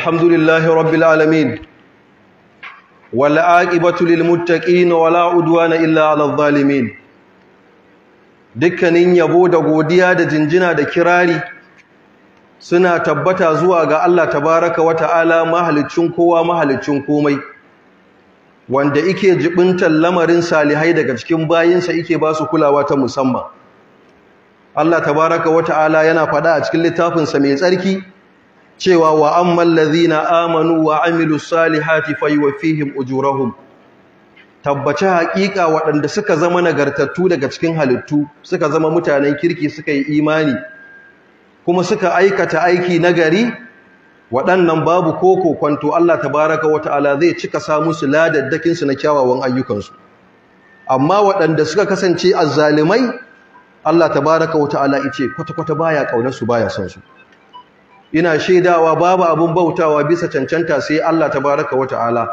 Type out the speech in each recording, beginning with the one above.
الحمد لله رب العالمين والعاقبة للمتقين ولا عدوان إلا على الظالمين dukkanin yabo da godiya da jinjina da kirari suna tabbata zuwa ga Allah tabaraka wa ta'ala mahalicin kowa mahalicin komai wanda ike jibintar lamarin salihai daga cikin bayinsa ike ba su kulawa ta musamman Allah tabaraka wa ta'ala yana faɗa a cikin littafinsa mai tsarki cewa wa na na amanu wa amilu salihati fihim ujurahun. Tabbaci haƙiƙa waɗanda suka zama nagartattu daga cikin halittu suka zama mutanen kirki suka yi imani kuma suka aikata aiki nagari waɗannan babu koko kwanto Allah tabaraka Ala) zai cika samu su ladaddakin su na kyawawan ayyukansu amma waɗanda suka kasance azzalimai Allah tabaraka wata'ala ice kwata-kwata baya ƙaunarsu su baya son su ina shaidawa babu abun bautawa bisa cancanta sai Allah tabaraka wa ta'ala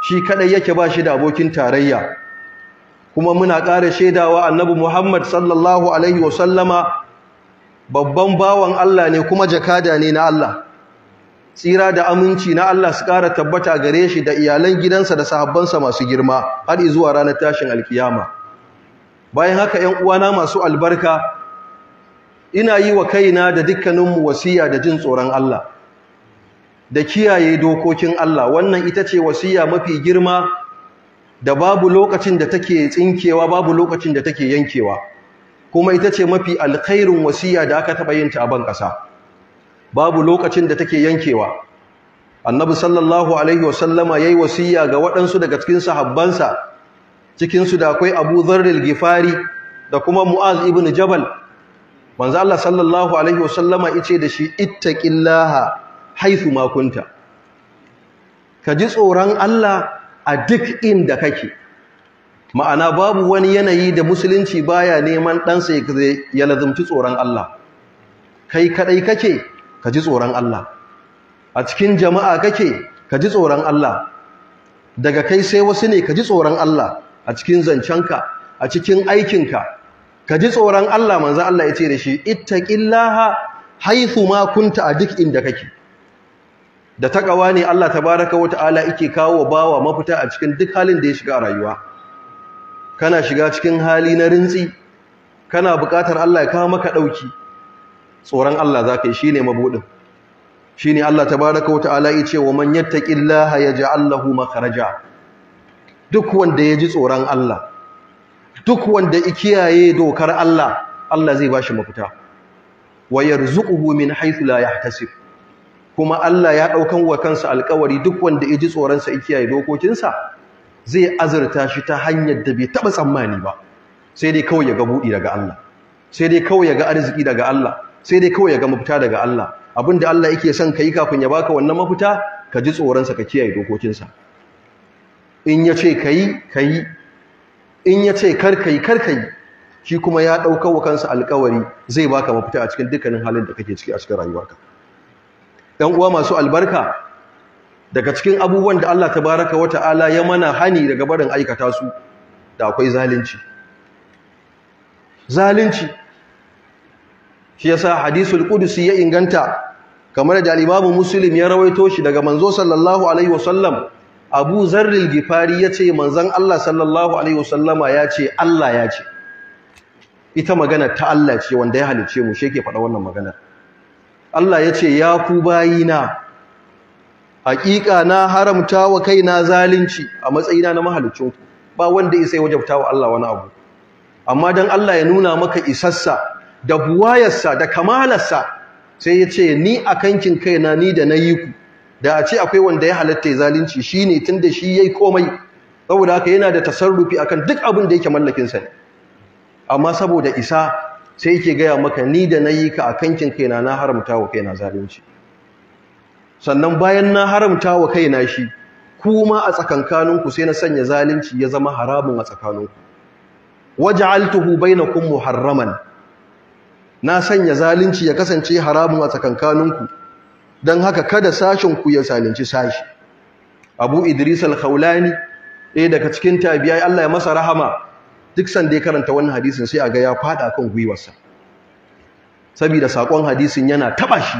shi kadai yake ba shi da abokin tarayya kuma muna ƙara shaidawa annabi Muhammad sallallahu alaihi wa sallama babban bawan Allah ne kuma jakada ne na Allah tsira da aminci na Allah su ƙara tabbata gare shi da iyalan gidansa da sahabbansa masu girma har zuwa ranar tashin alkiyama bayan haka 'yan uwana masu albarka ina yi wa kaina da dukkaninmu wasiya da jin tsoron Allah da kiyaye dokokin Allah wannan ita ce wasiya mafi girma da babu lokacin da take tsinkewa babu lokacin da take yankewa kuma ita ce mafi alkhairin wasiya da aka taɓa yin ta a ban ƙasa babu lokacin da take yankewa annabi sallallahu alaihi wasallama yayi wasiya ga waɗansu daga cikin sahabbansa cikin su da akwai Abu Dharr al-Ghifari da kuma Mu'az ibn Jabal manzo Allah sallallahu alaihi wasallama yace da shi ittaqillaha haythu ma kunta ka ji tsoron Allah a duk inda kake ma'ana babu wani yanayi da musulunci baya neman ɗansa ya lazumci tsoron Allah kai kaɗai kake ka ji tsoron Allah a cikin jama'a kake ka ji tsoron Allah daga kai sai wasu ne ka ji tsoron Allah a cikin zancenka a cikin aikinka ka ji tsoron Allah manzo Allah ya ce da shi ittaqillaha haythu ma kunta a duk inda kake da takawa ne Allah tabaraka wa ta'ala yake kawo bawa mafita a cikin duk halin da ya shiga rayuwa kana shiga cikin hali na rintsi kana buƙatar Allah ya kawo maka ɗauki. tsoron Allah zaka yi shine mabudin shine Allah tabaraka wa ta'ala yace wa man yattaqillaha yaj'al lahu makhraja duk wanda ya ji tsoron Allah duk wanda ikiyaye dokar Allah Allah zai ba shi mafita wa yarzuquhu min haythu la yahtasib kuma Allah ya daukan wa kansa alkawari duk wanda yaji tsoron sa ikiyaye dokokin sa zai azurta shi ta hanyar da bai taba tsammani ba sai dai kawai ya ga budi daga Allah sai dai kawai ya ga arziki daga Allah sai dai kawai ya ga mafita daga Allah da Allah yake son kai kafin ya baka wannan mafita ka ji tsoron sa ka kiyaye dokokin sa in yace kai kai in ya ce karkai karkai shi kuma ya ɗaukawa wa kansa alkawari zai baka mafita a cikin dukkanin halin da kake ciki a cikin rayuwarka ɗan uwa masu albarka daga cikin abubuwan da Allah ta baraka wata ta'ala ya mana hani daga barin aikata su da akwai zalunci zalunci shi sa hadisul kudusi ya inganta kamar da al-Imam Muslim ya rawaito shi daga manzo sallallahu alaihi wasallam Abu Zarril Gifari ya ce, manzan Allah sallallahu alaihi wasallama yace Allah ce. ita magana ta Allah ce wanda ya halice mu shi yake faɗa wannan magana Allah ya ce ya ku bayina hakika na haramta wa kaina zalunci a matsayina na ku. ba wanda isa ya wajabta wa Allah wani abu amma don Allah ya nuna maka isassa da buwayarsa da kamalarsa sai ya ce ni a kankin kaina ni da na yi ku da a ce akwai wanda ya halatta ya zalunci shi ne tun da shi ya yi komai saboda haka yana da tasarrufi akan duk abin da yake mallakin ne. amma saboda isa sai yake gaya maka ni da na yi ka a kankin kaina na haramta wa kaina zalunci sannan bayan na haramta wa kaina shi kuma a tsakankaninku sai na sanya zalunci ya zama haramun a tsakaninku waj'altuhu bainakum muharraman na sanya zalunci ya kasance haramun a tsakankaninku don haka kada sashen ku ya zalunci sashi abu idris al-khawlani ɗaya daga cikin tabiya Allah ya masa rahama duk sanda ya karanta wannan hadisin sai a ga ya fada kan gwiwarsa saboda sakon hadisin yana taɓa shi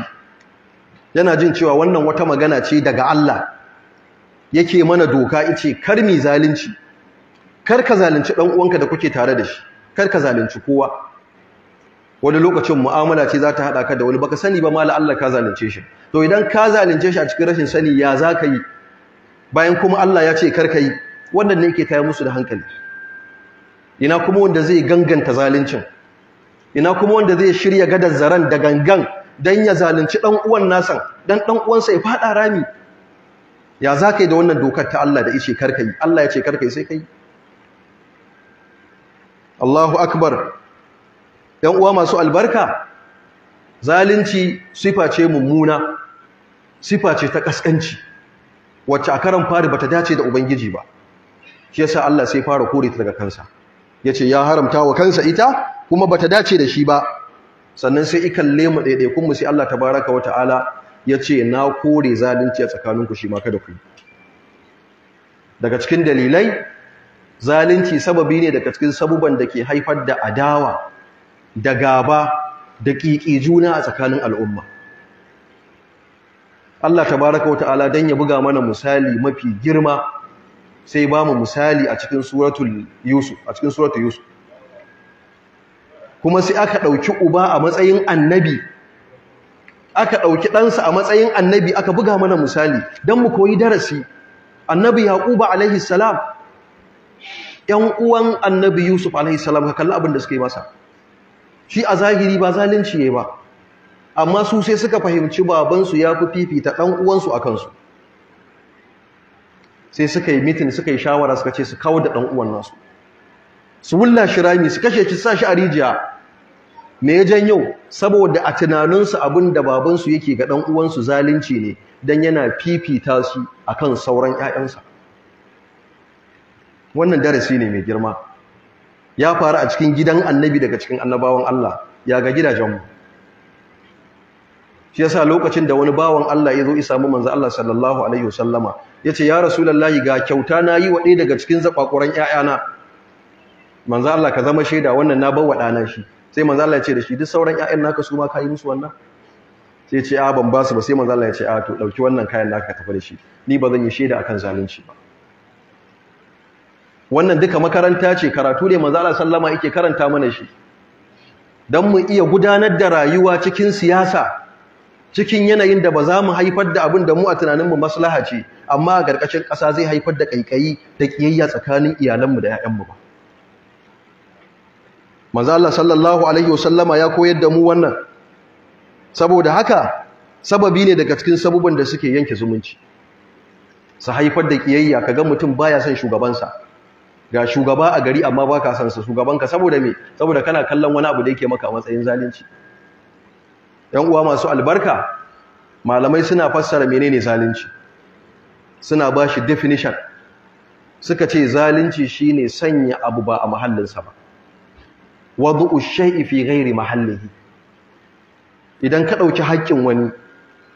yana jin cewa wannan wata magana ce daga Allah yake mana doka ice kar mi zalunci kar ka zalunci dan uwanka da kuke tare da shi kar ka zalunci kowa wani lokacin mu'amala ce za ta hada ka da wani baka sani ba mala Allah ka zalunce shi to idan ka zalunce shi a cikin rashin sani ya za ka yi bayan kuma Allah ya ce karka yi wannan ne yake tayar musu da hankali ina kuma wanda zai ganganta zaluncin ina kuma wanda zai shirya gadar zaran da gangan dan ya zalunci dan uwan nasan dan dan uwansa ya fada rami ya za ka yi da wannan dokar ta Allah da ishe karka yi Allah ya ce karka yi sai ka yi Allahu akbar ‘yan uwa masu albarka zalunci sifa ce mummuna sifa ce ta kaskanci wacce a karan fari ta dace da ubangiji ba shi yasa Allah sai fara kore ta daga kansa yace ya haramta wa kansa ita kuma bata dace da shi ba sannan sai ikalle mu daidaikun mu sai Allah baraka wa ta'ala yace na kore zalunci a tsakaninku shi ma kada ku daga cikin dalilai zalunci sababi ne daga cikin sabuban da ke haifar da adawa da gaba da ƙiƙi juna a tsakanin al'umma Allah tabaraka wa ta'ala dan ya buga mana misali mafi girma sai ba mu misali a cikin suratul yusuf a cikin suratul yusuf kuma sai aka ɗauki uba a matsayin annabi aka dauki ɗansa a matsayin annabi aka buga mana misali dan mu koyi darasi annabi yaquba alaihi salam yan uwan annabi yusuf alaihi salam ka kalli abin da suka yi masa shi a zahiri ba zalunci yayi ba amma su sai suka fahimci babansu ya fi fifita ɗan uwansu a kansu sai suka yi mitin suka yi shawara suka ce su kawo da ɗan uwan nasu su wulla shi rami su kashe ci sa shi a rijiya me ya janyo saboda a tunaninsu abin da babansu yake ga ɗan uwansu zalunci ne don yana fifita su a kan sauran ‘ya'yansa wannan darasi ne mai girma ya faru a cikin gidan annabi daga cikin annabawan Allah ya ga gidajenmu shi yasa lokacin da wani bawan Allah ya zo ya samu manzo Allah sallallahu alaihi wasallama yace ya rasulullahi ga kyauta na yi wa ɗaya daga cikin zabakuran ƴaƴana manzo Allah ka zama shaida wannan na bawa waɗana shi sai manzo Allah ya ce da shi duk sauran ƴaƴan naka su ma ka yi musu wannan sai ya ce a ban ba su ba sai manzo Allah ya ce a to dauki wannan kayan naka ka tafi da shi ni ba zan yi shaida akan zalunci ba wannan duka makaranta ce karatu ne manzo Allah sallama yake karanta mana shi dan mu iya gudanar da rayuwa cikin siyasa cikin yanayin da ba za mu haifar da abin da mu a tunaninmu maslaha ce amma a ƙarƙashin ƙasa zai haifar da ƙaiƙayi da ƙiyayya tsakanin iyalanmu da 'ya'yanmu ba maza Allah sallallahu alaihi wasallama ya koyar da mu wannan saboda haka sababi ne daga cikin sabubin da suke yanke zumunci su haifar da ƙiyayya kaga mutum baya son shugabansa ga shugaba a gari amma baka san su shugabanka saboda me saboda kana kallon wani abu da yake maka a matsayin zalunci yan uwa masu albarka malamai suna fassara menene zalunci suna ba shi definition suka ce zalunci ne sanya abu ba a mahallinsa ba wadu ushe ifi gairi mahallihi idan ka ɗauki haƙƙin wani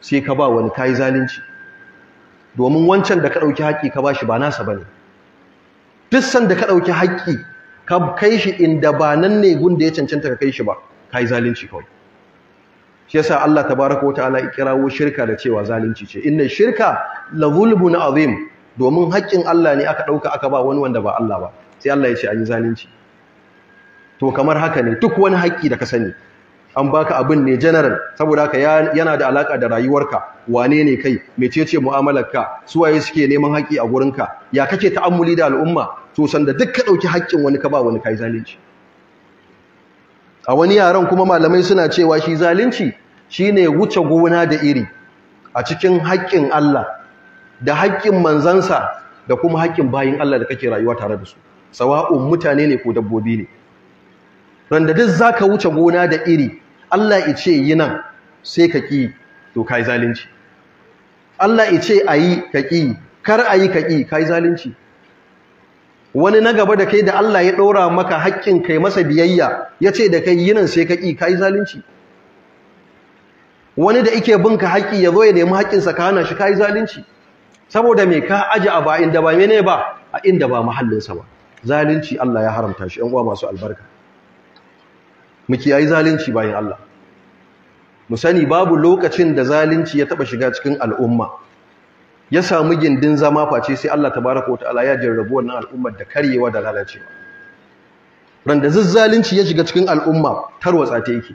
sai ka ba wani kai zalunci domin wancan da ka ɗauki haƙƙi ka ba shi ba nasa ba ne. duk da ka ɗauki haƙƙi ka kai shi inda ba nan ne gun da ya cancanta ka kai shi ba kai zalunci kawai shi yasa Allah tabaraka wataala ya kirawo shirka da cewa zalunci ce inna shirka la zulmun azim domin haƙƙin Allah ne aka dauka aka ba wani wanda ba Allah ba sai Allah ya ce an yi zalunci to kamar haka ne duk wani haƙƙi da ka sani an baka abin ne general saboda haka yana da alaka da rayuwarka wane ne kai mecece mu'amalarka su waye suke neman haƙi a gurinka ya kake ta'ammuli da al'umma to sanda duk ka dauki haƙƙin wani ka ba wani kai zalunci a wani yaran kuma malamai suna cewa shi zalunci shi ne wuce gona da iri a cikin haƙƙin Allah da haƙƙin manzansa da kuma haƙƙin bayin Allah da kake rayuwa tare da su sawa'un mutane ne ko dabbobi ne randa duk zaka wuce gona da iri Allah ya ce yi nan sai ka ƙi to kai zalunci Allah ya ice ayi ka ƙi kar ayi ka ƙi kai zalunci wani na gaba da kai da Allah ya ɗora maka haƙƙin kai masa biyayya ya ce da kai yinan sai ka ƙi ka yi zalunci wani da ike bin ka haƙƙi ya zo ya nemi haƙƙinsa ka hana shi ka yi zalunci saboda mai ka aji a ba inda ba mene ba a inda ba mahallinsa ba zalunci Allah ya haramta shi ƴan uwa masu albarka mu kiyayi zalunci bayan Allah mu sani babu lokacin da zalunci ya taɓa shiga cikin al'umma ya samu gindin zama face sai Allah tabaraka wa ta'ala ya jarrabu wannan al'ummar da karyewa da lalacewa randa zalunci ya shiga cikin al'umma tarwatsa ta yake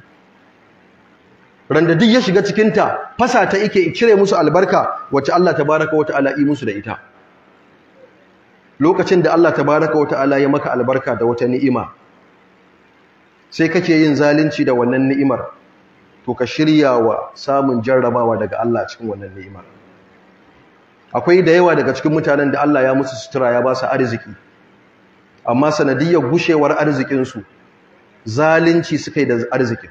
randa duk ya shiga cikin ta fasa ta ike cire musu albarka wacce Allah tabaraka wa ta'ala yi musu da ita lokacin da Allah Ta baraka wata ala ya maka albarka da wata ni'ima sai kake yin zalunci da wannan ni'imar to ka shirya wa samun jarrabawa daga Allah cikin wannan ni'imar akwai da yawa daga cikin mutanen da Allah ya musu sutura ya ba su arziki amma sanadiyar gushewar arzikinsu zalunci suka yi da arzikin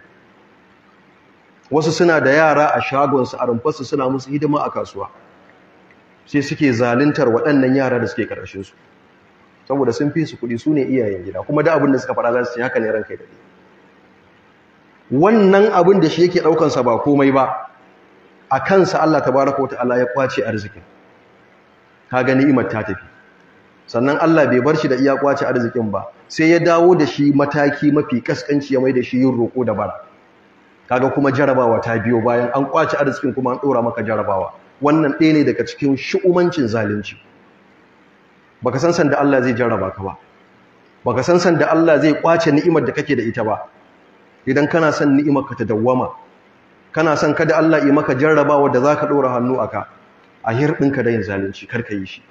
wasu suna da yara a shagonsu a rumfarsu suna musu hidima a kasuwa sai suke zaluntar waɗannan yara da suke ƙarshensu saboda sun fi su kuɗi su ne iyayen gida kuma da abin da suka faɗa za su haka ne ranka da wannan abin da shi yake ɗaukansa ba komai ba a kansa Allah Ta tabaraka wata Allah ya kwace arzikin ka ga ni'imar ta tafi sannan Allah bai bar shi da iya kwace arzikin ba sai ya dawo da shi mataki mafi kaskanci ya mai da shi yin roƙo da bara kaga kuma jarabawa ta biyo bayan an kwace arzikin kuma an dora maka jarabawa wannan ɗaya ne daga cikin shu'umancin zalunci baka san san da Allah zai jaraba ka ba baka san san da Allah zai kwace ni'imar da kake da ita ba idan kana son ni'imar ka ta dawwama kana son kada Allah yi maka jarrabawa da zaka dora hannu aka a hir da yin zalunci karka yi shi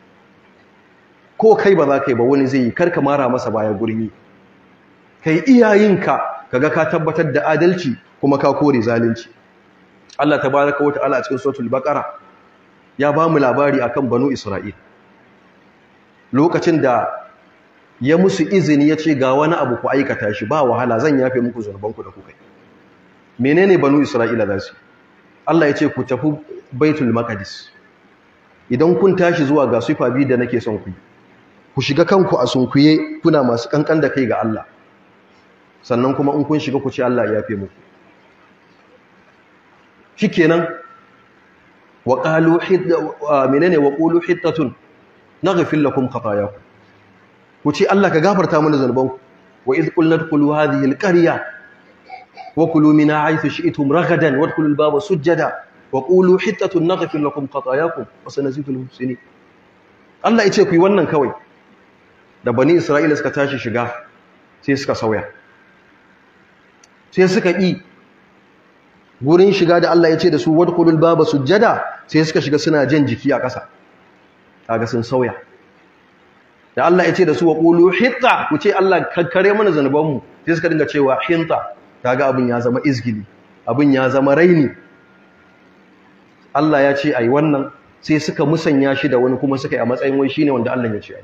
ko kai ba za ka yi ba wani zai yi karka mara masa baya gurin yi kai iyayenka kaga ka tabbatar da adalci kuma ka kore zalunci Allah tabaraka wa ta'ala a cikin suratul baqara ya ba mu labari akan banu isra'il lokacin da ya musu izini ya ce ga wani abu ku aikata shi ba wahala zan yafe muku zurbanku da kuka yi menene banu isra'ila za su Allah ya ce ku tafi baitul maqdis idan kun tashi zuwa ga sifa biyu da nake son ku ku shiga kanku a sunkuye kuna masu kankan da kai ga Allah sannan kuma in kun shiga ku ce Allah ya fi muku shikenan wa qalu hidda menene wa qulu hittatun naghfir lakum ku ce Allah ka gafarta mana ku wa idh qulna dkhulu hadhihi alqarya wa kulu minha haythu shi'tum ragadan wadkhulul baba sujjada Waƙulu wa qulu hittatun naghfir lakum khatayakum wa sanazidu su ne. Allah ya ce ku yi wannan kawai da bani Isra'ila suka tashi shiga sai suka sauya sai suka yi gurin shiga da Allah ya ce da su wadkhulul baba jada sai suka shiga suna jan jiki a ƙasa kaga sun sauya da Allah ya ce da su waƙulu hita, hitta ku ce Allah kakkare mana zanubanmu sai suka dinga cewa hinta kaga abin ya zama izgili abin ya zama raini Allah ya ce yi wannan sai suka musanya shi da wani kuma suka yi a matsayin wai shine wanda Allah ya ce yi.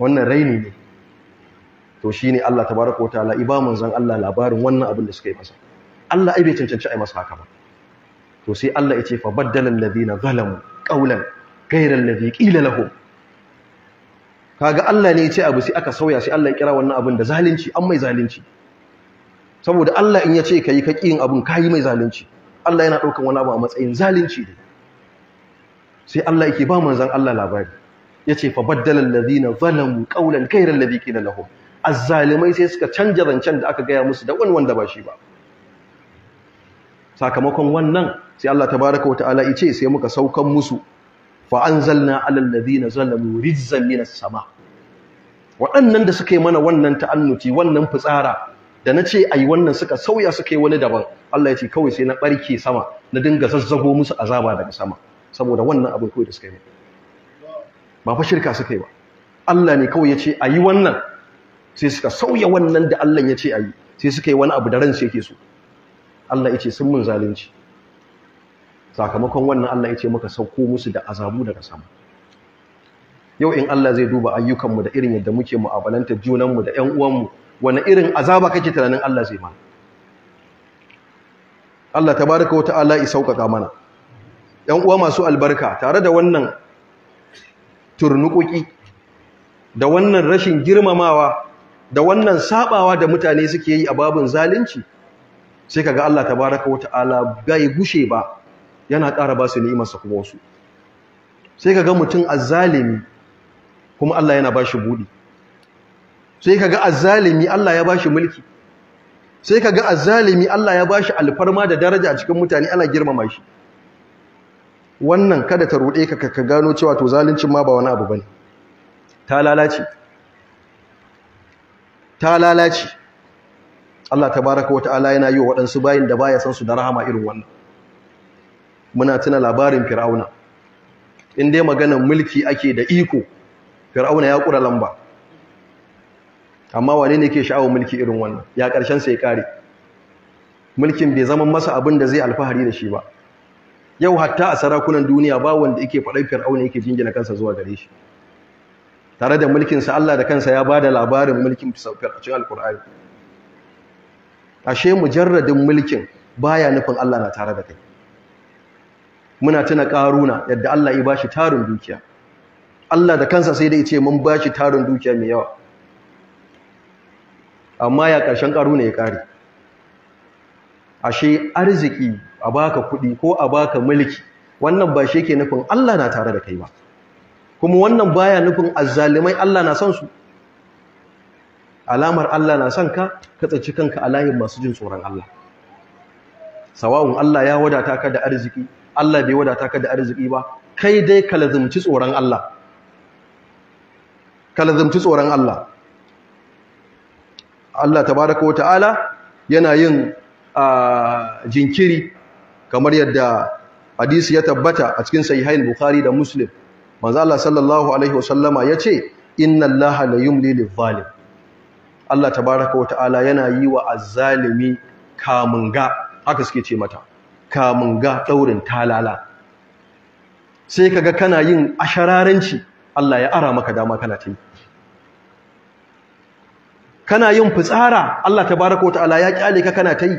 wannan raini ne to shine Allah tabaraka wa ta'ala iba manzon Allah labarin wannan abin da suka yi masa Allah ai bai cancanci yi masa haka ba to sai Allah ya ce fa baddala na zalamu qawlan ghayra alladhi qila lahum kaga Allah ne ya ce abu sai aka sauya sai Allah ya kira wannan abin da zalunci an mai zalunci saboda Allah in ya ce ka yi ka ƙin abin ka yi mai zalunci Allah yana ɗaukan wani abu a matsayin zalunci ne sai Allah yake ba manzon Allah labari yace fa baddala alladhina zalamu qawlan ghayra alladhi qila lahum Azzalumai sai suka canja zancen da aka gaya musu da wani wanda ba shi ba sakamakon wannan sai Allah tabaraka wataala ce sai muka saukan musu fa anzalna ala alladhina zalamu rijzan minas sama waɗannan da suka yi mana wannan ta'annuci wannan fitsara da na ce ai wannan suka sauya suka yi wani daban Allah ya ce kawai sai na barke sama na dinga zazzago musu azaba daga sama saboda wannan abin kawai da suka yi ba fa shirka suka yi ba Allah ne kawai ya ce ayi wannan sai suka sauya wannan da Allah ya ce ayi sai suka yi wani abu da ransu yake so Allah ya ce sun mun zalunci sakamakon wannan Allah ya ce muka sauko musu da azabu daga sama yau in Allah zai duba ayyukanmu da irin yadda muke mu'abalantar junanmu da 'yan uwanmu wani irin azaba kake tunanin Allah zai mana Allah tabaraka wa ta'ala ya sauƙaƙa mana ‘yan uwa masu albarka tare da wannan turnuƙoƙi da wannan rashin girmamawa da wannan saɓawa da mutane suke yi a babin zalunci sai kaga Allah tabaraka wa ta'ala bai gushe ba yana ƙara ba su ni'imarsa kuma wasu sai kaga mutum azzalimi kuma Allah yana bashi shi buɗi sai ka ga azzalimi Allah ya bashi mulki sai ka ga azzalimi Allah ya bashi alfarma da daraja a cikin mutane ana girmama shi wannan kada ta rude ka ka gano cewa to zaluncin ma ba wani abu bane ta lalace ta lalace Allah tabaraka wa ta'ala yana yi wa waɗansu bayin da baya san su da rahama irin wannan muna tuna labarin fir'auna in dai maganar mulki ake da iko fir'auna ya kura lamba amma wane ne ke sha'awar mulki irin wannan ya ƙarshen sai kare mulkin bai zama masa abin da zai alfahari da shi ba yau hatta a sarakunan duniya ba wanda yake faɗar fir'auna yake jingina kansa zuwa gare shi tare da mulkinsa Allah da kansa ya ba da labarin mulkin cikin alkur'ani ashe mujarradin mulkin baya nufin Allah na tare da kai muna tuna karuna yadda Allah ya bashi tarin dukiya Allah da kansa sai dai ya ce mun bashi tarin dukiya mai yawa amma ya ƙarshen ƙaru ne ya ƙare ashe arziki a baka kuɗi ko a baka mulki wannan ba shi ke nufin Allah na tare da kai ba kuma wannan baya nufin azzalimai Allah na son su alamar Allah na son ka ka tsaci kanka a layin masu jin tsoron Allah sawa'un Allah ya wadata ka da arziki Allah bai wadata ka da arziki ba kai dai ka tsoron Allah Allah tabaraka ta'ala yana yin jinkiri kamar yadda hadisi ya tabbata a cikin sahihain Bukhari da Muslim manzo Allah sallallahu alaihi wasallama yace inna Allah la yumli lil-zalim Allah tabaraka ta'ala yana yi wa azzalimi kamunga haka suke ce mata kamunga ɗaurin talala sai kaga kana yin ashararanci Allah ya ara maka dama kana ta kana yin fitsara Allah Ta wata ala ya kyale ka kana ta yi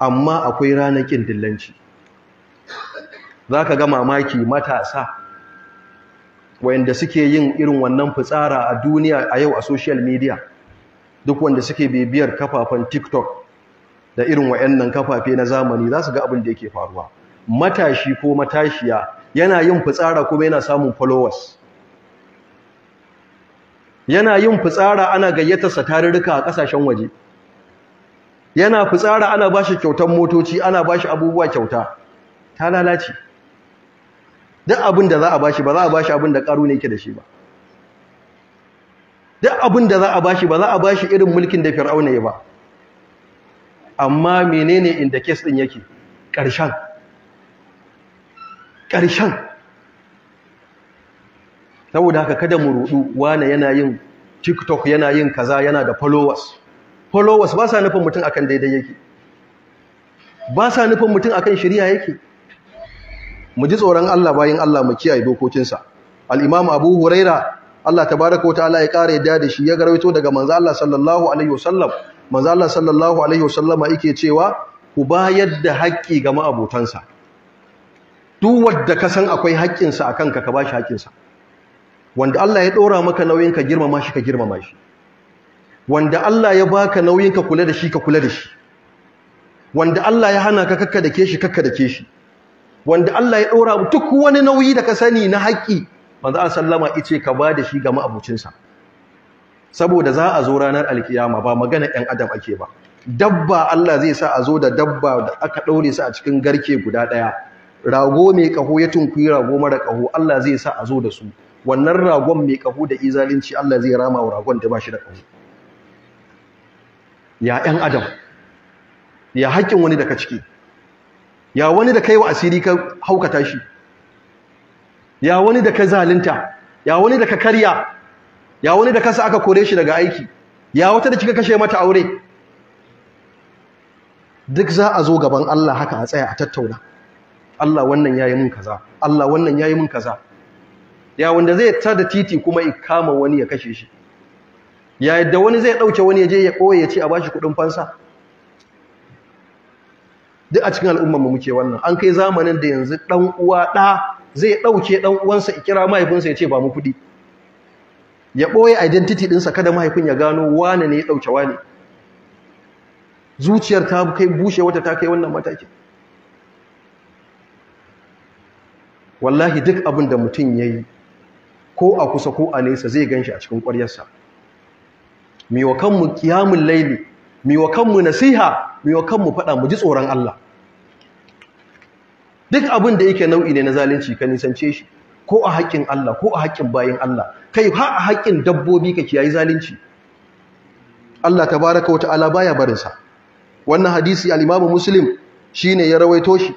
amma akwai ranakin dillanci za ka ga mamaki matasa wayanda suke yin irin wannan fitsara a duniya a yau a social media duk wanda suke bibiyar kafafen tiktok da irin wayannan kafafe na zamani za su ga abin da yake faruwa matashi ko matashiya yana yin fitsara kuma yana samun followers yana yin fitsara ana gayyatarsa tarurruka a ƙasashen waje yana fitsara ana ba shi kyautar motoci ana ba shi abubuwa kyauta ta lalace duk abin da za a ba shi ba za a ba shi abin da ƙaru ne ke da shi ba duk abin da za a ba shi ba za a ba shi irin mulkin da fir'auna ya ba amma menene inda kes ɗin yake ƙarshen ƙarshen saboda haka kada mu rudu wane yana yin tiktok yana yin kaza yana da followers followers ba sa nufin mutum akan daidai yake ba sa nufin mutum akan shari'a yake mu ji tsoron Allah bayan Allah mu kiyaye dokokinsa al-imam Abu Huraira Allah tabaaraka ta'ala ya kare yadda da shi ya garwato daga manzo Allah sallallahu alaihi wasallam manzo Allah sallallahu alaihi wasallama yake cewa ku bayar da haƙƙi ga ma'abotansa duk wanda ka san akwai haƙƙinsa akan ka ka bashi haƙƙinsa wanda Allah ya ɗora maka nauyin ka girmama shi ka girmama shi wanda Allah ya baka nauyin ka kula da shi ka kula da shi wanda Allah ya hana ka kakka ke shi kakka ke shi wanda Allah ya ɗora duk wani nauyi da ka sani na haƙi manzo a sallama yace ka ba da shi ga ma'abucinsa saboda za a zo ranar alkiyama ba magana ɗan adam ake ba dabba Allah zai sa a zo da dabba da aka ɗaure su a cikin garke guda ɗaya rago mai ƙaho ya tunkuyi rago mara ƙaho Allah zai sa a zo da su wannan ragon mai kahu da izalinci Allah zai rama wa ragon da ba shi da kahu ya ɗan adam ya haƙƙin wani daga ciki ya wani da kai wa asiri ka haukata shi ya wani da ka zalunta ya wani da ka karya ya wani da kasa aka kore shi daga aiki ya wata da kika kashe mata aure duk za a zo gaban Allah haka a tsaya a tattauna Allah wannan yayi mun kaza Allah wannan yayi mun kaza ya wanda zai da titi kuma ya kama wani ya kashe shi ya yadda wani zai ɗauke wani ya je ya ɓoye ya ce a ba shi kuɗin fansa duk a cikin al'ummar muke wannan an kai zamanin da yanzu ɗan uwa ɗa zai ɗauke ɗan uwansa ikira kira mahaifinsa ya ce ba mu kuɗi ya ɓoye identity ɗinsa kada mahaifin ya gano wane ne ya ɗauke wane zuciyar ta kai bushe wata ta kai wannan mataki wallahi duk abin da mutum ya yi ko a kusa ko a nesa zai gan shi a cikin ƙwaryarsa wa kanmu kiyamun laili wa kanmu nasiha wa kanmu faɗa mu ji tsoron Allah duk abin da yake nau'i ne na zalunci ka nisance shi ko a haƙƙin Allah ko a haƙƙin bayin Allah kai ha a haƙƙin dabbobi ka kiyayi zalunci Allah tabaraka wa ta'ala baya barinsa wannan hadisi al-Imam Muslim shine ya rawaito shi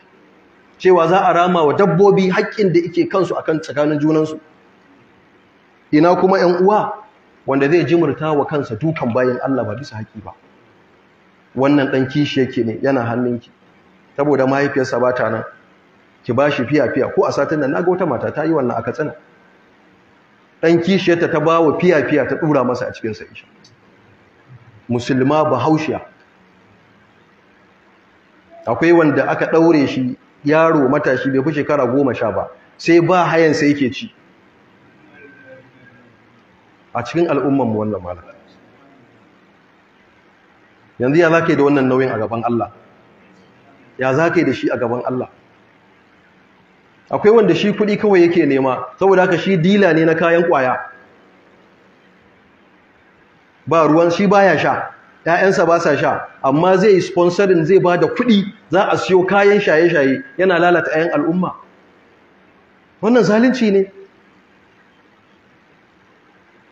cewa za a rama wa dabbobi haƙƙin da yake kansu akan tsakanin junansu ina kuma ‘yan uwa wanda zai jimurta wa kansa dukan bayan Allah ba bisa haƙi ba wannan ɗan kishi yake ne yana hannunki saboda mahaifiyarsa ba ta nan ki ba shi fiya-fiya ko a satin nan na ga wata mata ta yi wannan aka tsana ɗan kishiyarta ta ba wa fiya-fiya ta ɗura masa a cikinsa isha musulma haushiya. akwai wanda aka ɗaure shi yaro matashi bai fi shekara goma sha ba sai ba hayansa yake ci a cikin al'ummanmu wannan malam yanzu ya za ka da wannan nauyin a gaban Allah ya za ka da shi a gaban Allah akwai wanda shi kuɗi kawai yake nema saboda haka shi dila ne na kayan kwaya ba ruwan shi baya sha ‘ya'yansa ba sa sha amma zai yi sponsorin zai ba da kuɗi za a siyo kayan shaye-shaye yana lalata ‘yan al'umma wannan zalunci ne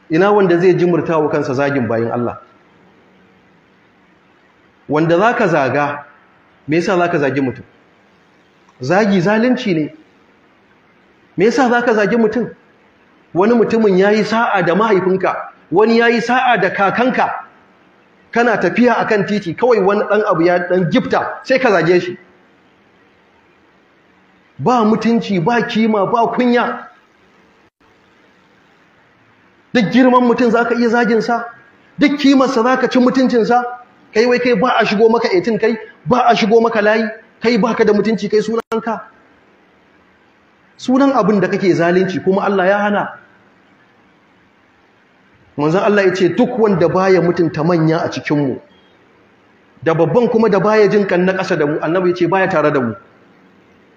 ina wanda zai jimurta wa kansa zagin bayan Allah wanda za ka zaga me yasa za ka zagi mutum zagi zalunci ne me yasa za ka zagi mutum wani mutumin ya yi sa'a da mahaifinka wani ya yi sa'a da kakanka kana tafiya a kan titi kawai wani ɗan abu ya ɗan gifta sai ka zage shi ba mutunci ba kima ba kunya duk girman mutum za ka iya zaginsa duk kimarsa za ka ci mutuncinsa kai wai kai ba a shigo maka etin kai ba a shigo maka layi kai ba ka da mutunci kai sunanka sunan abin da kake zalunci kuma Allah ya hana manzan Allah ya ce duk wanda baya mutunta manya a cikinmu da babban kuma da baya jin kan na ƙasa da mu annabi ya ce baya tare da mu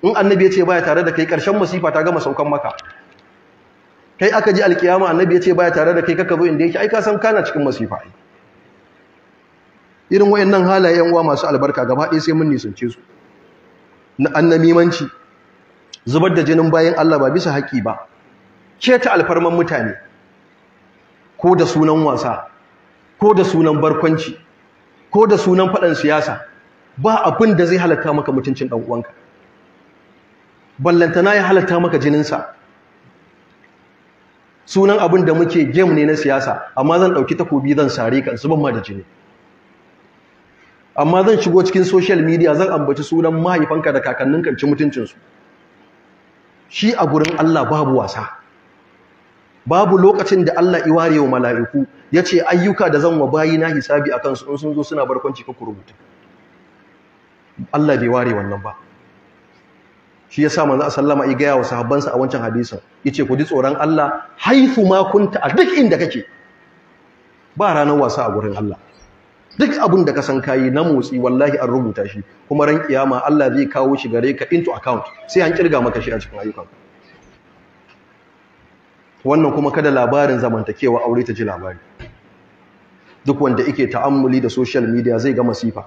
in annabi ya ce baya tare da kai ƙarshen masifa ta gama saukan maka kai aka ji alkiyama annabi ya ce baya tare da kai kaka zo inda yake ai ka san kana cikin masifa ai irin wayannan halayen uwa masu albarka gaba ɗaya sai mun nisance su na annabimanci zubar da jinin bayan Allah ba bisa haƙi ba ta alfarman mutane ko da sunan wasa ko da sunan barkwanci ko da sunan faɗan siyasa ba abin da zai halatta maka mutuncin ɗan uwanka ballantana ya halatta maka jininsa sunan abin da muke game ne na siyasa amma zan ɗauki takobi zan sare kan su ban ma da jini amma zan shigo cikin social media zan ambaci sunan mahaifanka da kakannin kanci mutuncinsu shi a gurin Allah babu wasa babu lokacin da Allah ware wa mala'iku ya ce ayyuka da zan wa bayi na hisabi a kansu in sun zo suna barkwanci ka kurubuta Allah bai ware wannan ba shi ya yasa manzo sallama ya gaya wa sahabbansa a wancan hadisin yace ku ji tsoron Allah haifu ma kunta a duk inda kake ba ranar wasa a gurin Allah duk abin da ka san kayi na motsi wallahi an rubuta shi kuma ran kiyama Allah zai kawo shi gare ka into account sai an kirga maka shi a cikin ayyukan wannan kuma kada labarin zamantakewa aure ta ji labari duk wanda yake ta'ammuli da social media zai ga masifa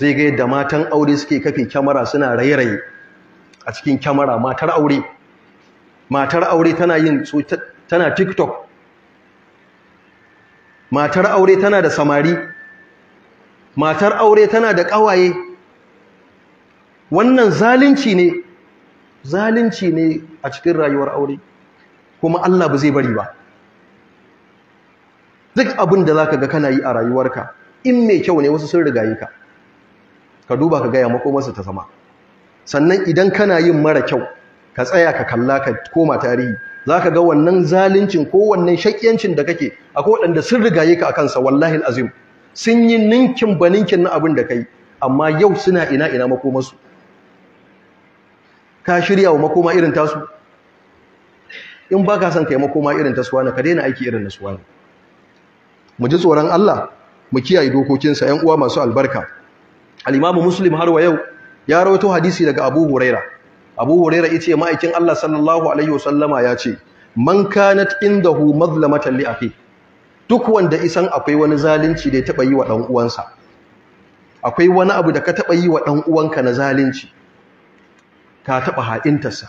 zai ga yadda matan aure suke kafe kyamara suna rairaye a cikin kyamara matar aure matar aure tana yin tana tiktok matar aure tana da samari matar aure tana da ƙawaye wannan zalunci ne zalunci ne a cikin rayuwar aure kuma Allah ba zai bari ba duk abin da zaka ga kana yi a rayuwarka in mai kyau ne wasu sun rigaye ka ka duba ka gaya makomarsu ta zama sannan idan kana yin mara kyau ka tsaya ka kalla ka koma tarihi za ka ga wannan zalincin ko wannan shakiyancin da kake akwai waɗanda sun rigaye ka a kansa wallahi azim sun yi ninkin baninkin na abin da kai amma yau suna ina ina makomarsu ka shirya wa makoma irin tasu in ba ka son yi makoma irin tasu na ka daina aiki irin nasuwa ne mu ji tsoron Allah mu kiyaye dokokinsa 'yan uwa masu albarka al Muslim har wa yau ya rawaito hadisi daga Abu Huraira Abu Huraira yace ma'aikin Allah sallallahu alaihi wasallama yace man kanat indahu mazlamatan li akhi duk wanda isan akwai wani zalunci da ya taba yi wa dan akwai wani abu da ka taba yi wa ɗan'uwanka na zalunci ka taba ha'intarsa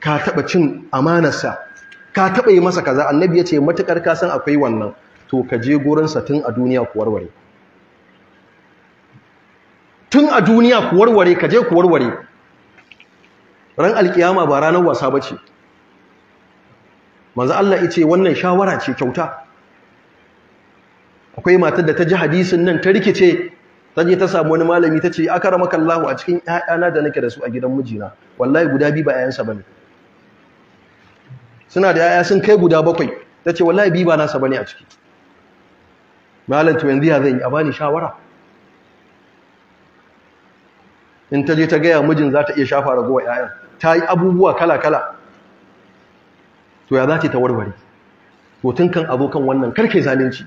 ka taba cin amanarsa ka taba yi masa kaza annabi yace matukar ka san akwai wannan to ka je gurinsa tun a duniya ku warware tun a duniya ku warware ka je ku warware ran alkiyama ba ranar wasa bace manzo Allah yace wannan shawara ce kyauta akwai matar da ta ji hadisin nan ta rikice ta je ta samu wani malami ta ce akramakallahu a cikin ƴaƴana da nake da su a gidan mijina wallahi guda bi ba ƴaƴansa bane suna da ƴaƴa sun kai guda bakwai ta ce wallahi bi ba nasa bane a ciki malam to yanzu ya zan yi a bani shawara in ta je ta gaya mijin za ta iya shafa ragowa 'ya'yan ta yi abubuwa kala-kala to ya za ta ta warware hotun kan abokan wannan karke zalunci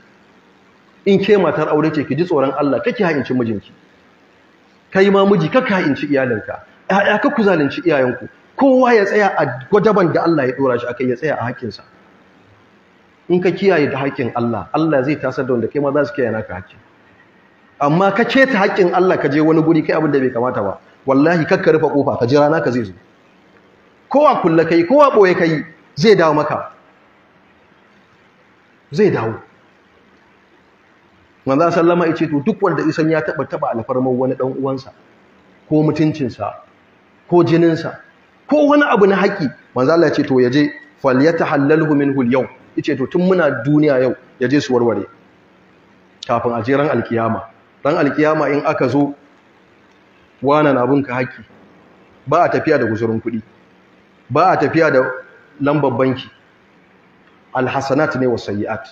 in ke matar aure ce ki ji tsoron Allah kake ha'inci mijinki kai ma miji kaka ha'inci iyalinka ya'ya ka ku zalunci iyayenku kowa ya tsaya a gwajaban da Allah ya dora shi a kai ya tsaya a hakinsa. in ka kiyaye da haƙƙin Allah Allah zai tasar da wanda kai ma za su kiyaye naka haƙƙin amma ka ce ta haƙƙin Allah ka je wani guri kai abin da bai kamata ba wallahi kakka rufe kofa ka ji rana ka zai zo kowa kulla kai kowa boye kai zai dawo maka zai dawo manzo sallama yace to duk wanda isan ya taba taba alfarman wani dan uwansa ko mutuncinsa ko jininsa ko wani abu na haƙi manzo Allah yace to yaje falyatahallalhu minhu al-yawm yace to tun muna duniya yau yaje su warware kafin a jeran alkiyama ran alkiyama in aka zo wana na ka haƙƙi ba a tafiya da gusurin kuɗi ba a tafiya da lambar banki alhassanat ne wasayi'at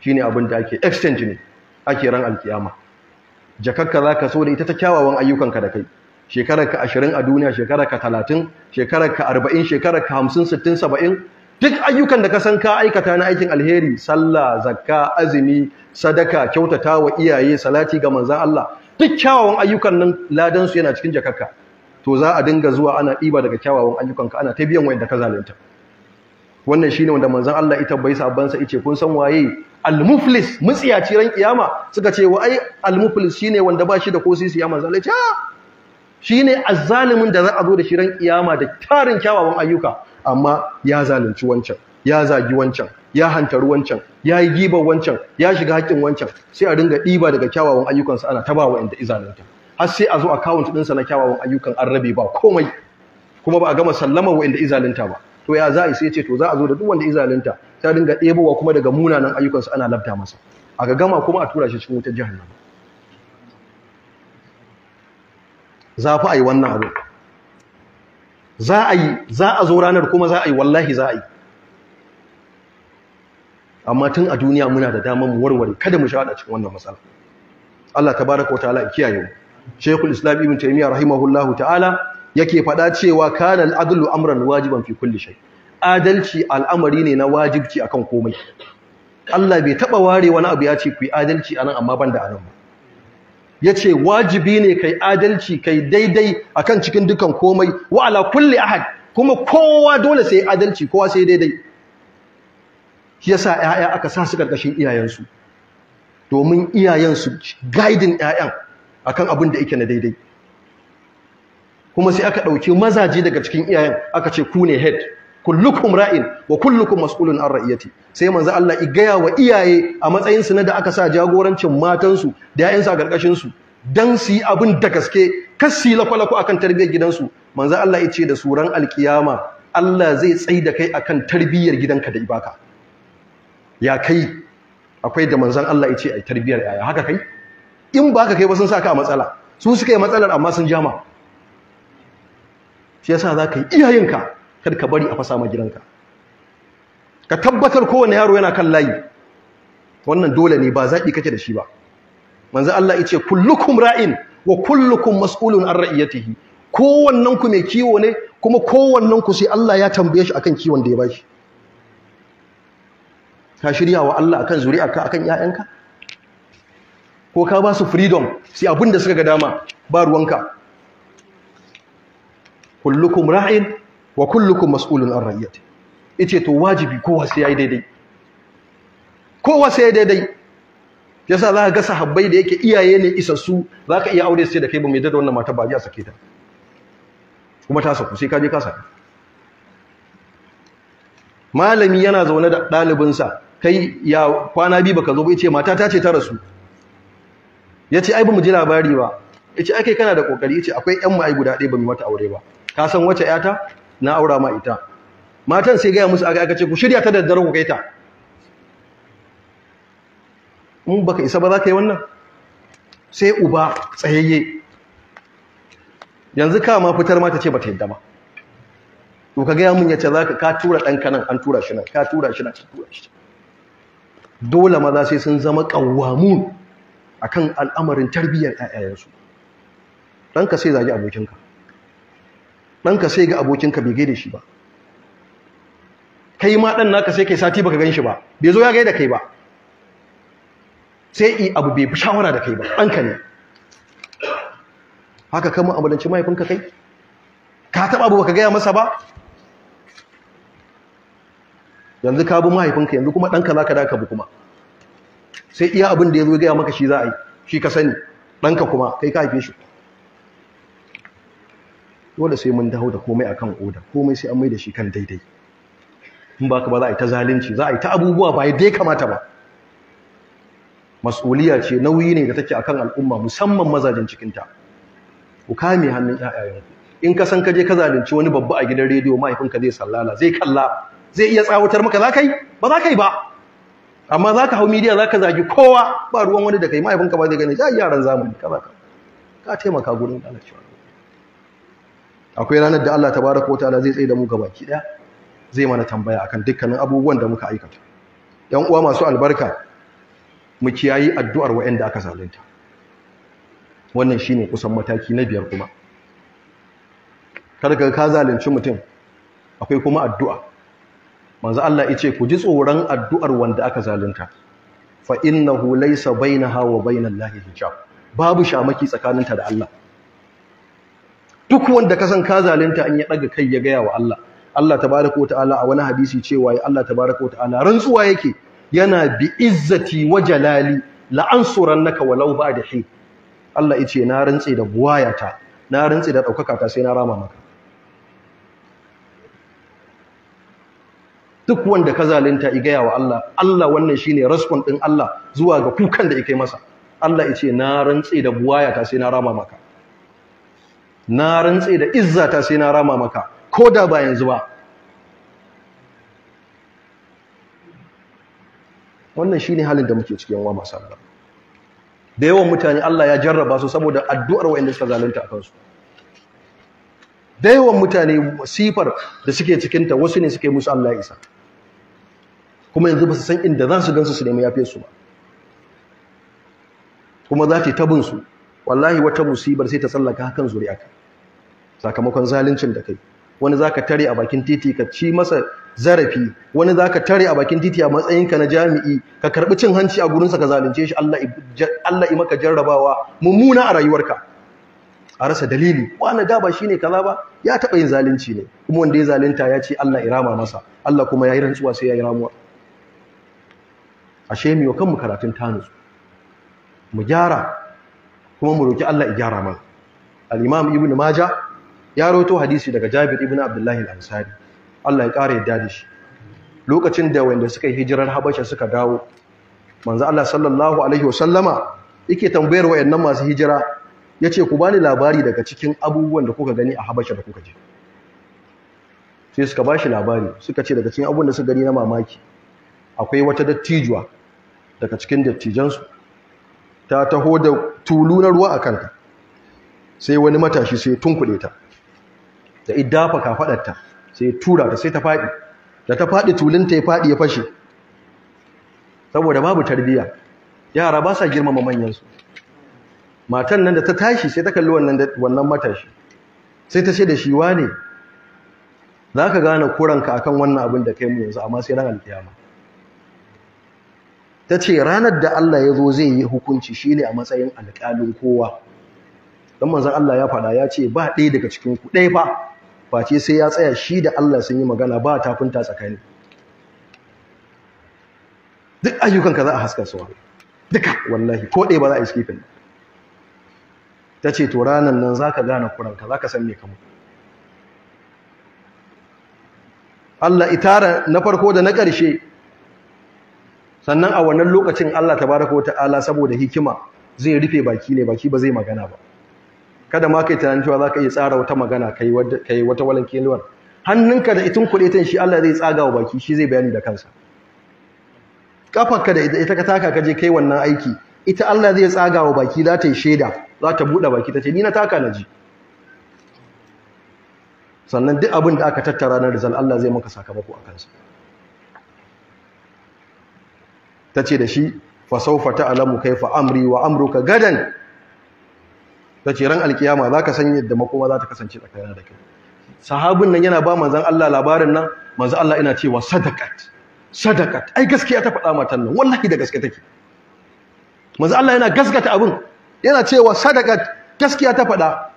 shi ne abin da ake exchange ne ake ran alkiyama jakakka za ka so da ita ta kyawawan ayyukanka da kai shekararka ashirin a duniya shekararka talatin shekararka arba'in shekararka hamsin sittin saba'in duk ayyukan da ka san ka aikata na aikin alheri sallah zakka azumi sadaka kyautata wa iyaye salati ga manzon Allah duk kyawawan ayyukan nan ladan su yana cikin jakarka to za a dinga zuwa ana ɗiba daga kyawawan ayyukan ka ana ta biyan wanda ka zalunta wannan shine wanda manzon Allah ita bai sabban sa ice kun san waye almuflis, mutsiyaci ran kiyama suka ce wa ai almuflis shine wanda ba shi da ko sisi ya manzon Allah ya ce ah! shine azzalimin da za a zo da shi ran kiyama da tarin kyawawan ayyuka amma ya zalunci wancan ya zagi wancan ya hantaru wancan ya yi gibar wancan ya shiga haƙƙin wancan sai a ringa ɗiba daga kyawawan ayyukansa ana taba wa inda izalunta har sai a zo akawunt ɗinsa na kyawawan ayyukan an rabe ba komai kuma ba a gama sallama wa inda izalunta ba to ya za a sai ce to za a zo da duk wanda izalunta ta ringa ɗebowa kuma daga munanan ayyukansa ana labta masa a ga gama kuma a tura shi cikin wutar jahannama za fa a yi wannan abu za a yi za a zo ranar kuma za a yi wallahi za a yi amma tun a duniya muna da damar mu warware kada mu shaɗa cikin wannan matsala Allah tabaraka wa ta'ala kiyaye mu Sheikhul Islam Ibn Taymiyyah rahimahullahu ta'ala yake faɗa cewa kana al-adlu amran wajiban fi kulli shay adalci al'amari ne na wajibci akan komai Allah bai taba ware wani abu ya ce ku yi adalci anan amma banda anan ba ya ce wajibi ne kai adalci kai daidai akan cikin dukan komai wa ala kulli ahad kuma kowa dole sai adalci kowa sai daidai shi yasa ƴaƴa aka sa su karkashin iyayensu domin iyayensu guiding ƴaƴan akan abin da yake na daidai kuma sai aka ɗauki mazaji daga cikin iyayen aka ce ku ne head kullukum ra'in wa kullukum mas'ulun an ra'iyati sai manzo Allah i gaya wa iyaye a matsayin su na da aka sa jagorancin matansu da ƴaƴansu a karkashin su dan su yi abin da gaske kasi lakwalako akan tarbiyyar gidansu manzo Allah ya ce da suran alkiyama Allah zai tsai da kai akan tarbiyyar gidanka da ibaka ya kai akwai da manzon Allah ya ce ai tarbiyyar yaya haka kai in ba ka kai ba sun saka a matsala su suka yi matsalar amma sun jama shi yasa za ka yi iyayenka kar ka bari a fasa ma gidanka ka tabbatar kowane yaro yana kan layi wannan dole ne ba zaɓi kake da shi ba manzo Allah yace kullukum ra'in wa kullukum mas'ulun an ra'iyatihi kowannen ku mai kiwo ne kuma kowannen ku sai Allah ya tambaye shi akan kiwon da ya bashi ka shirya wa Allah akan zuri'arka akan ƴaƴanka ko ka ba su freedom sai abinda suka ga dama ba ruwanka kullukum ra'in wa kullukum mas'ulun an rayyati yace to wajibi kowa sai yayi daidai kowa sai yayi daidai yasa za ka ga sahabbai da yake iyaye ne isassu za ka iya aure sai da kai ba mai dada wannan mata ba ya sake ta kuma ta saku sai ka je ka saka malami yana zaune da ɗalibinsa kai ya kwana biyu baka zo ba yace mata ta ce ta rasu yace ai ba mu ji labari ba yace ai kai kana da kokari yace akwai ƴan mu ai guda ɗaya ba mu mata aure ba ka san wace ƴata na aura ma ita matan sai gaya musu aka aka ce ku shirya ta daddare ku kai ta in baka isa ba za ka yi wannan sai uba tsayayye yanzu ka ma fitar mata ce ba ta yadda ba to ka gaya mun yace za ka tura ɗanka nan an tura shi nan ka tura shi nan ka tura shi dole maza sai sun zama ƙawwamun akan al'amarin tarbiyyar ƴaƴayensu ɗanka sai zagi abokinka ɗanka sai ga abokinka bai gaida shi ba kai ma ɗan naka sai kai sati baka gan shi ba bai zo ya gaida kai ba sai i abu bai fi shawara da kai ba ɗanka ne haka kama amalanci mahaifinka kai ka taɓa abu baka gaya masa ba yanzu ka bi mahaifinka yanzu kuma ɗanka za ka da ka bi kuma sai iya abin da ya zo gaya maka shi za a yi shi ka sani ɗanka kuma kai ka haife shi dole sai mun dawo da komai akan oda komai sai an mai da shi kan daidai in ba ka ba za a yi ta zalunci za a yi ta abubuwa ba dai kamata ba mas'uliya ce nauyi ne da take akan al'umma musamman mazajin cikinta ku kame hannun ƴaƴayenku in ka san ka je ka zalunci wani babba a gidan rediyo mahaifinka zai sallala zai kalla zai iya tsawatar maka za ka yi ba za ka ba amma za ka hau midiya za ka zagi kowa ba ruwan wani da kai mahaifinka ba zai gane ya yaran zamani kaza ka taimaka gurin lalacewa akwai ranar da Allah tabaraka wa ta'ala zai tsaye da mu baki daya zai mana tambaya akan dukkanin abubuwan da muka aikata yan uwa masu albarka mu kiyayi addu'ar wa'anda aka zalunta wannan shine kusan mataki na biyar kuma kada ka zalunci mutum akwai kuma addu'a manzo Allah yace ku ji tsoron addu'ar wanda aka zalunta fa innahu laysa bainaha wa bainallahi hijab babu shamaki tsakaninta da Allah duk wanda ka san ka zalunta in ya daga kai ya gaya wa Allah Allah tabaraka wa ta'ala a wani hadisi cewa ya Allah tabaraka wa ta'ala rantsuwa yake yana bi izzati wa jalali la ansurannaka walau ba'da hin Allah yace na rantsi da buwayata na rantsi da daukaka ta sai na rama maka duk wanda ka zalunta i gaya wa Allah Allah wannan shine raskon din Allah zuwa ga kukan da yake masa Allah yace na rantsi da buwayata sai na rama maka na rantse da izzata sai na rama maka ko da ba yanzu ba wannan shine halin da muke cikin wa masu Allah da yawan mutane Allah ya jarraba su saboda addu'ar wa'anda suka zalunta a kansu da yawan mutane masifar da suke cikinta wasu ne suke musu Allah ya isa kuma yanzu ba su san inda za su gansu su nemi yafe su ba kuma za ta yi tabinsu wallahi wata musibar sai ta tsallaka hakan zuri'a aka. sakamakon zaluncin da kai wani za ka tare a bakin titi ka ci masa zarafi wani za ka tare a bakin titi a matsayinka na jami'i ka karbi cin hanci a gurinsa ka zalunce shi Allah maka jarrabawa mummuna a rayuwarka a rasa dalili wani da ba shine kaza ba ya taɓa yin zalunci ne kuma wanda ya zalunta ya ce Allah irama masa Allah kuma ya yi rantsuwa sai ya yi ramuwa ashe miyo kanmu karatun tanusu mu gyara kuma mu roki Allah gyara mana al-imam ibn maja ya roto hadisi daga jabir ibn abdullahi al-ansari Allah ya kara yadda da shi lokacin da wanda suka yi hijirar habasha suka dawo manzo Allah sallallahu alaihi wasallama yake tambayar wayannan masu hijira yace ku bani labari daga cikin abubuwan da kuka gani a habasha da kuka je sai suka ba shi labari suka ce daga cikin abubuwan da suka gani na mamaki akwai wata dattijuwa daga cikin dattijansu ta taho da tulu na ruwa a kanka sai wani matashi sai tunkuɗe ta da idafa faɗarta sai tura ta sai ta faɗi da ta faɗi tulinta ya faɗi ya fashe saboda babu tarbiyya yara ba sa girmama manyansu matan nan da ta tashi sai ta kalli wannan matashi sai ta ce da shi ne. za ka gane kuranka akan wannan abin da kai mu yanzu amma sai ran alkiyama ta ce ranar da Allah ya zo zai yi hukunci shi ne a matsayin alƙalin kowa don manzan Allah ya faɗa ya ce ba ɗaya daga cikinku ɗaya ba face sai ya tsaya shi da Allah sun yi magana ba tafinta tsakani duk ayyukanka za a haska suwa duka wallahi ko ɗaya ba za a yi skifin ta ce to ranar nan za ka gane kuranka za ka san me kama. Allah itara na farko da na ƙarshe sannan a wannan lokacin Allah tabaraka Wata'ala saboda hikima zai rufe baki ne baki ba zai magana ba kada ma kai tunanin cewa zaka iya tsara wata magana kai kai wata walanke luwar hannunka da itun kudetan shi Allah zai tsaga wa baki shi zai bayani da kansa kafarka da ita ka taka ka je kai wannan aiki ita Allah zai tsaga wa baki za ta yi shaida za ta bude baki ta ce ni na taka na ji sannan duk abin da aka tattara na rizal Allah zai maka sakamako a kansa ta ce da shi fasaufa ta'alamu kai amri wa amruka gadan ta ce ran alkiyama za ka san yadda makoma za ta kasance kayana da kai sahabin nan yana ba manzan Allah labarin nan manzan Allah ina cewa sadakat sadakat ai gaskiya ta faɗa matan nan wallahi da gaske take manzan Allah yana gaskata abin yana cewa sadakat gaskiya ta faɗa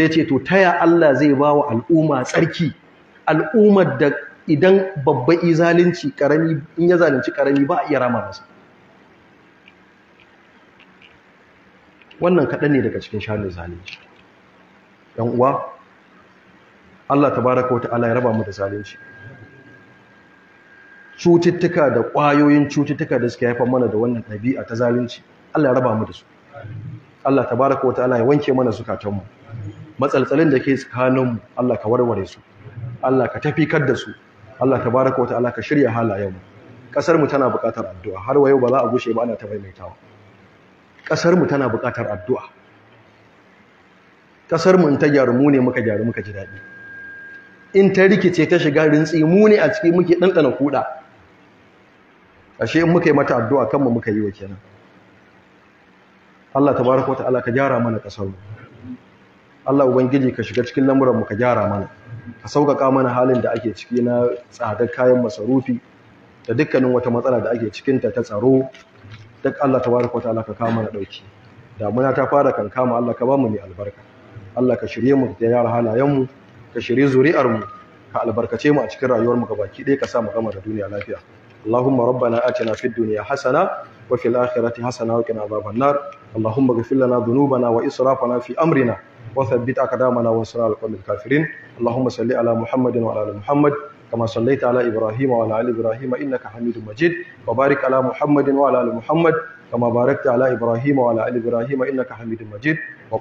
sai ce to taya Allah zai ba wa al'umma tsarki al'ummar da idan babba i zalunci karami in ya zalunci karami ba a iya rama masa wannan kaɗan ne daga cikin shanin zalunci ɗan uwa Allah baraka wata ala ya raba mu da zalunci cututtuka da ƙwayoyin cututtuka da suke haifar mana da wannan ɗabi'a ta zalunci Allah ya raba mu da su Allah ta baraka wata ala ya wanke mana su katonmu matsaltsalin da ke tsakaninmu Allah ka warware su Allah ka tafi kar da su Allah ta baraka wata ka shirya halayen mu kasar mu tana buƙatar addu'a har wayo ba za a gushe ba ana ta maimaitawa kasar mu tana buƙatar addu'a kasar mu in ta gyaru mu ne muka gyaru muka ji daɗi in ta rikice ta shiga rintsi mu ne a ciki muke ɗanɗana kuɗa ashe in muka yi mata addu'a kanmu muka yi wa kenan Allah tabaraka wataala ka gyara mana kasar mu Allah ubangiji ka shiga cikin lamuran mu ka gyara mana ka sauƙaƙa mana halin da ake ciki na tsadar kayan masarufi da dukkanin wata matsala da ake cikinta ta tsaro duk Allah tabaraka wa ta'ala ka kawo mana ɗauki damuna ta fara kankama Allah ka ba mu ne albarka Allah ka shirye mu da yara halayenmu ka shirye zuri'armu ka albarkace mu a cikin rayuwarmu gabaki ɗaya ka sa mu gama da duniya lafiya اللهم ربنا آتنا في الدنيا حسنة وفي الآخرة حسنة وقنا عذاب النار اللهم اغفر لنا ذنوبنا وإسرافنا في أمرنا وثبت أقدامنا وانصرنا على القوم الكافرين اللهم صل على محمد وعلى آل محمد كما صليت على إبراهيم وعلى آل إبراهيم إنك حميد مجيد وبارك على محمد وعلى آل محمد كما باركت على إبراهيم وعلى آل إبراهيم إنك حميد مجيد